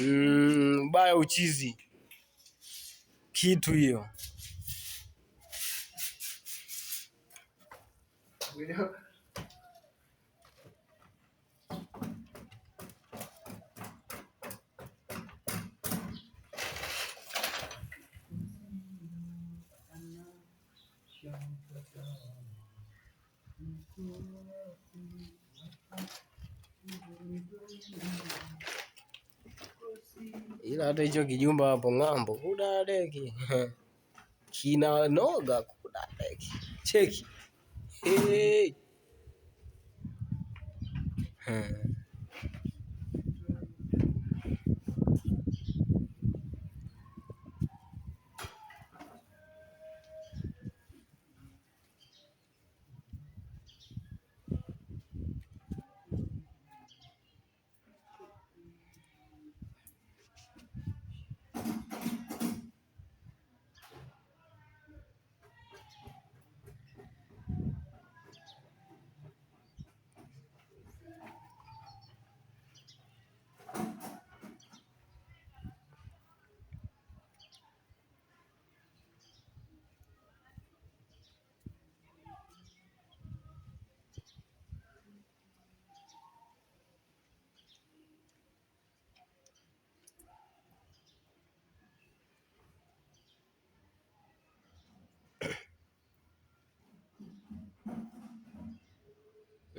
mm, hum, baya uchizi é kitu hiyo Thank you. kila hata hicho kijumba hapo ng'ambo kuda deki kina noga, kuda deki cheki hey. hmm.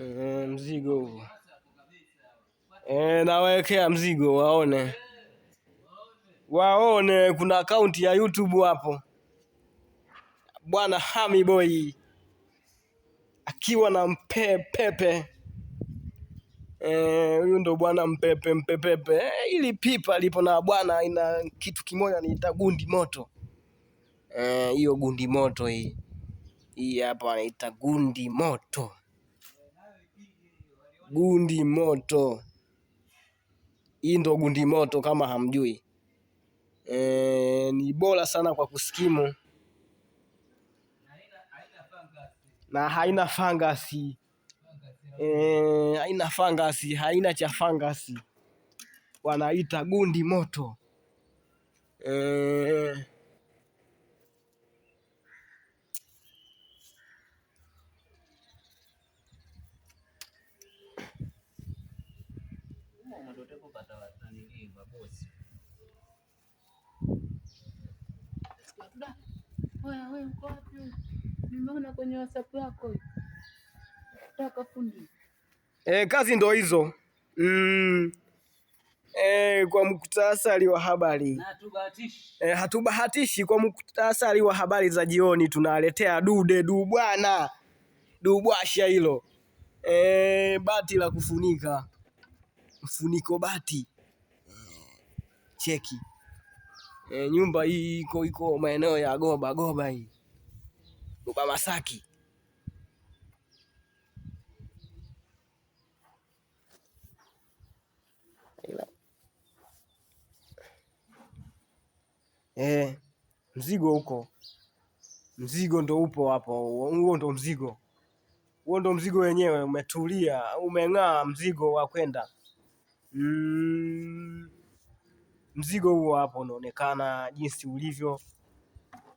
Eh, mzigo huu e, eh, nawekea mzigo waone, waone. Kuna akaunti ya YouTube hapo bwana Hami Boy akiwa na mpepepe eh, huyu e, ndo bwana mpepe mpepepe e, ili pipa lipo na bwana, ina kitu kimoja niita gundi moto hiyo e, gundi moto hii hii hapa anaita gundi moto gundi moto. Hii ndo gundi moto kama hamjui. E, ni bora sana kwa kuskimu na haina fangasi e, haina fangasi, haina cha fangasi, wanaita gundi moto e. E, kazi ndo hizo. Mm. E, kwa muktasari wa habari e, hatubahatishi. Kwa muktasari wa habari za jioni tunaletea dude du bwana dubwasha hilo eh, bati la kufunika mfuniko bati. Cheki e, nyumba hii iko iko maeneo ya Goba Goba, hii Goba Masaki. E, mzigo huko, mzigo ndo upo hapo, huo ndo mzigo, huo ndo mzigo wenyewe, umetulia, umeng'aa, mzigo wa kwenda Hmm. mzigo huo hapo unaonekana jinsi ulivyo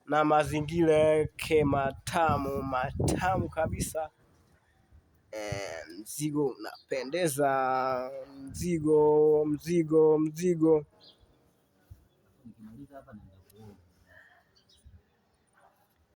na mazingira yake matamu matamu kabisa. E, mzigo unapendeza, mzigo mzigo mzigo.